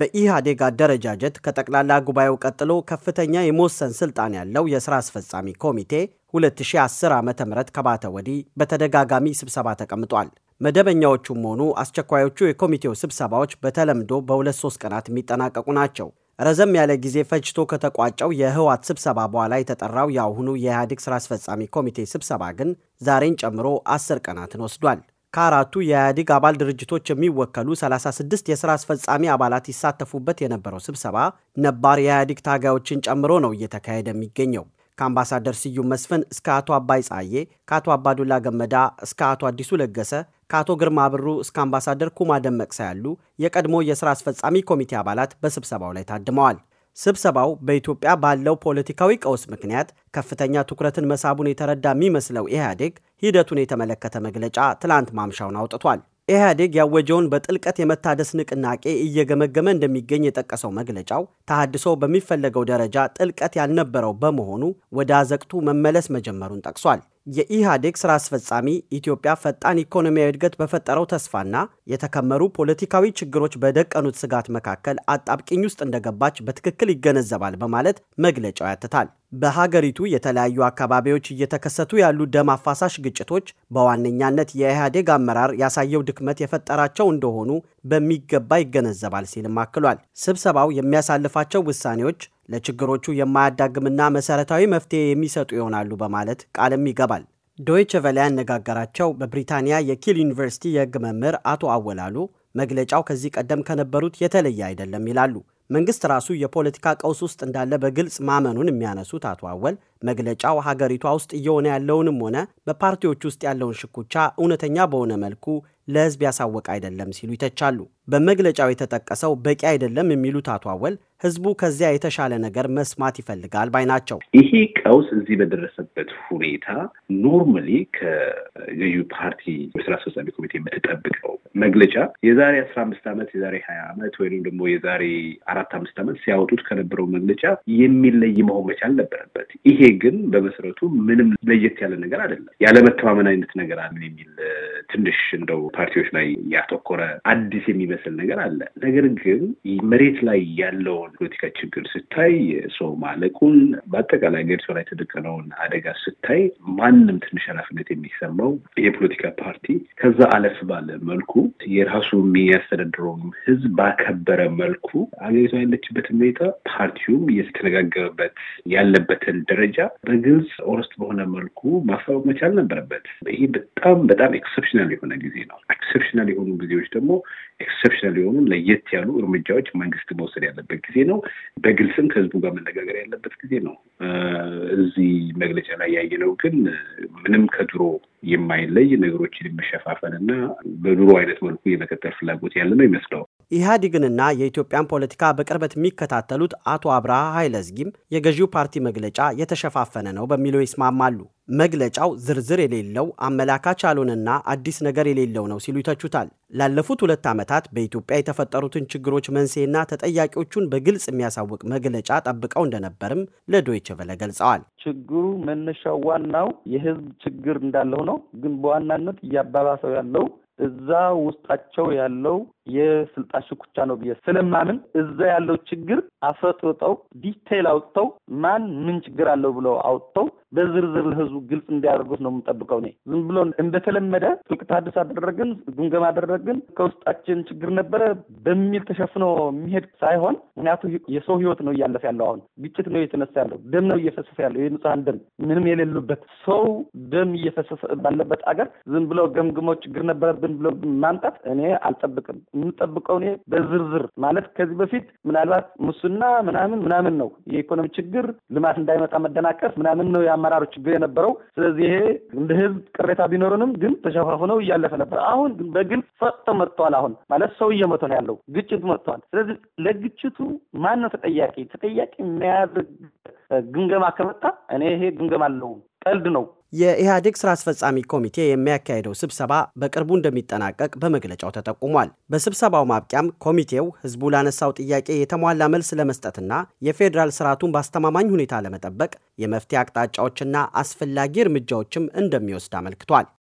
በኢህአዴግ አደረጃጀት ከጠቅላላ ጉባኤው ቀጥሎ ከፍተኛ የመወሰን ስልጣን ያለው የሥራ አስፈጻሚ ኮሚቴ 2010 ዓ ም ከባተ ወዲህ በተደጋጋሚ ስብሰባ ተቀምጧል። መደበኛዎቹም ሆኑ አስቸኳዮቹ የኮሚቴው ስብሰባዎች በተለምዶ በሁለት ሶስት ቀናት የሚጠናቀቁ ናቸው። ረዘም ያለ ጊዜ ፈጅቶ ከተቋጨው የህወሓት ስብሰባ በኋላ የተጠራው የአሁኑ የኢህአዴግ ሥራ አስፈጻሚ ኮሚቴ ስብሰባ ግን ዛሬን ጨምሮ አስር ቀናትን ወስዷል። ከአራቱ የኢህአዴግ አባል ድርጅቶች የሚወከሉ 36 የሥራ አስፈጻሚ አባላት ይሳተፉበት የነበረው ስብሰባ ነባር የኢህአዴግ ታጋዮችን ጨምሮ ነው እየተካሄደ የሚገኘው። ከአምባሳደር ስዩም መስፍን እስከ አቶ አባይ ጻዬ፣ ከአቶ አባዱላ ገመዳ እስከ አቶ አዲሱ ለገሰ፣ ከአቶ ግርማ ብሩ እስከ አምባሳደር ኩማ ደመቅሳ ያሉ የቀድሞ የሥራ አስፈጻሚ ኮሚቴ አባላት በስብሰባው ላይ ታድመዋል። ስብሰባው በኢትዮጵያ ባለው ፖለቲካዊ ቀውስ ምክንያት ከፍተኛ ትኩረትን መሳቡን የተረዳ የሚመስለው ኢህአዴግ ሂደቱን የተመለከተ መግለጫ ትላንት ማምሻውን አውጥቷል። ኢህአዴግ ያወጀውን በጥልቀት የመታደስ ንቅናቄ እየገመገመ እንደሚገኝ የጠቀሰው መግለጫው ተሃድሶ በሚፈለገው ደረጃ ጥልቀት ያልነበረው በመሆኑ ወደ አዘቅቱ መመለስ መጀመሩን ጠቅሷል። የኢህአዴግ ስራ አስፈጻሚ ኢትዮጵያ ፈጣን ኢኮኖሚያዊ እድገት በፈጠረው ተስፋና የተከመሩ ፖለቲካዊ ችግሮች በደቀኑት ስጋት መካከል አጣብቂኝ ውስጥ እንደገባች በትክክል ይገነዘባል በማለት መግለጫው ያትታል። በሀገሪቱ የተለያዩ አካባቢዎች እየተከሰቱ ያሉ ደም አፋሳሽ ግጭቶች በዋነኛነት የኢህአዴግ አመራር ያሳየው ድክመት የፈጠራቸው እንደሆኑ በሚገባ ይገነዘባል ሲልም አክሏል። ስብሰባው የሚያሳልፋቸው ውሳኔዎች ለችግሮቹ የማያዳግምና መሰረታዊ መፍትሄ የሚሰጡ ይሆናሉ በማለት ቃልም ይገባል። ዶይቸ ቨለ ያነጋገራቸው በብሪታንያ የኪል ዩኒቨርሲቲ የህግ መምህር አቶ አወላሉ መግለጫው ከዚህ ቀደም ከነበሩት የተለየ አይደለም ይላሉ። መንግስት ራሱ የፖለቲካ ቀውስ ውስጥ እንዳለ በግልጽ ማመኑን የሚያነሱት አቶ አወል መግለጫው ሀገሪቷ ውስጥ እየሆነ ያለውንም ሆነ በፓርቲዎች ውስጥ ያለውን ሽኩቻ እውነተኛ በሆነ መልኩ ለህዝብ ያሳወቀ አይደለም ሲሉ ይተቻሉ። በመግለጫው የተጠቀሰው በቂ አይደለም የሚሉት አቶ አወል ህዝቡ ከዚያ የተሻለ ነገር መስማት ይፈልጋል ባይ ናቸው። ይሄ ቀውስ እዚህ በደረሰበት ሁኔታ ኖርማሊ ከገዢው ፓርቲ ስራ አስፈጻሚ ኮሚቴ የምትጠብቀው መግለጫ የዛሬ አስራ አምስት ዓመት የዛሬ ሀያ ዓመት ወይም ደግሞ የዛሬ አራት አምስት ዓመት ሲያወጡት ከነበረው መግለጫ የሚለይ መሆን መቻል ነበረበት። ይሄ ግን በመሰረቱ ምንም ለየት ያለ ነገር አይደለም። ያለመተማመን አይነት ነገር አለ የሚል ትንሽ እንደው ፓርቲዎች ላይ ያተኮረ አዲስ የሚመስል ነገር አለ። ነገር ግን መሬት ላይ ያለውን ፖለቲካ ችግር ስታይ፣ ሰው ማለቁን፣ በአጠቃላይ ሀገሪቱ ላይ የተደቀነውን አደጋ ስታይ ማንም ትንሽ ኃላፊነት የሚሰማው የፖለቲካ ፓርቲ ከዛ አለፍ ባለ መልኩ የራሱ የሚያስተዳድረውም ህዝብ ባከበረ መልኩ አገሪቷ ያለችበትን ሁኔታ ፓርቲውም እየተነጋገረበት ያለበትን ደረጃ በግልጽ ኦረስት በሆነ መልኩ ማስታወቅ መቻል ነበረበት። ይሄ በጣም በጣም ኤክሰፕሽናል የሆነ ጊዜ ነው። ኤክሰፕሽናል የሆኑ ጊዜዎች ደግሞ ኤክሰፕሽናል የሆኑ ለየት ያሉ እርምጃዎች መንግስት መውሰድ ያለበት ጊዜ ነው። በግልጽም ከህዝቡ ጋር መነጋገር ያለበት ጊዜ ነው። እዚህ መግለጫ ላይ ያየነው ግን ምንም ከድሮ የማይለይ ነገሮችን የመሸፋፈን እና በድሮ አይነት መልኩ የመቀጠል ፍላጎት ያለ ነው ይመስለው። ኢህአዴግንና የኢትዮጵያን ፖለቲካ በቅርበት የሚከታተሉት አቶ አብርሃ ኃይለዝጊም የገዢው ፓርቲ መግለጫ የተሸፋፈነ ነው በሚለው ይስማማሉ። መግለጫው ዝርዝር የሌለው አመላካች ያልሆነና አዲስ ነገር የሌለው ነው ሲሉ ይተቹታል። ላለፉት ሁለት ዓመታት በኢትዮጵያ የተፈጠሩትን ችግሮች መንስኤና ተጠያቂዎቹን በግልጽ የሚያሳውቅ መግለጫ ጠብቀው እንደነበርም ለዶይቼ ቬለ ገልጸዋል። ችግሩ መነሻው ዋናው የህዝብ ችግር እንዳለው ነው። ግን በዋናነት እያባባሰው ያለው እዛ ውስጣቸው ያለው የስልጣን ሽኩቻ ነው ብዬ ስለማምን እዛ ያለው ችግር አፈጥጠው ዲቴይል አውጥተው ማን ምን ችግር አለው ብለው አውጥተው በዝርዝር ለህዝቡ ግልጽ እንዲያደርጉት ነው የምንጠብቀው። እኔ ዝም ብሎ እንደተለመደ ጥልቅ ተሐድሶ አደረግን፣ ግምገማ አደረግን፣ ከውስጣችን ችግር ነበረ በሚል ተሸፍኖ የሚሄድ ሳይሆን ምክንያቱ የሰው ህይወት ነው እያለፈ ያለው። አሁን ግጭት ነው እየተነሳ ያለው፣ ደም ነው እየፈሰሰ ያለው፣ የንጹሐን ደም ምንም የሌሉበት ሰው ደም እየፈሰሰ ባለበት አገር ዝም ብሎ ገምግሞ ችግር ነበረብን ብሎ ማምጣት እኔ አልጠብቅም። የምንጠብቀው እኔ በዝርዝር ማለት ከዚህ በፊት ምናልባት ሙስና ምናምን ምናምን ነው የኢኮኖሚ ችግር ልማት እንዳይመጣ መደናቀፍ ምናምን ነው የአመራሩ ችግር የነበረው። ስለዚህ ይሄ እንደ ህዝብ ቅሬታ ቢኖረንም ግን ተሸፋፍነው እያለፈ ነበር። አሁን ግን በግልጽ ፈጥቶ መጥቷል። አሁን ማለት ሰው እየሞተ ነው ያለው፣ ግጭት መጥቷል። ስለዚህ ለግጭቱ ማን ነው ተጠያቂ? ተጠያቂ የሚያደርግ ግምገማ ከመጣ እኔ ይሄ ግምገማ አለው ቀልድ ነው። የኢህአዴግ ስራ አስፈጻሚ ኮሚቴ የሚያካሄደው ስብሰባ በቅርቡ እንደሚጠናቀቅ በመግለጫው ተጠቁሟል። በስብሰባው ማብቂያም ኮሚቴው ህዝቡ ላነሳው ጥያቄ የተሟላ መልስ ለመስጠትና የፌዴራል ስርዓቱን በአስተማማኝ ሁኔታ ለመጠበቅ የመፍትሄ አቅጣጫዎችና አስፈላጊ እርምጃዎችም እንደሚወስድ አመልክቷል።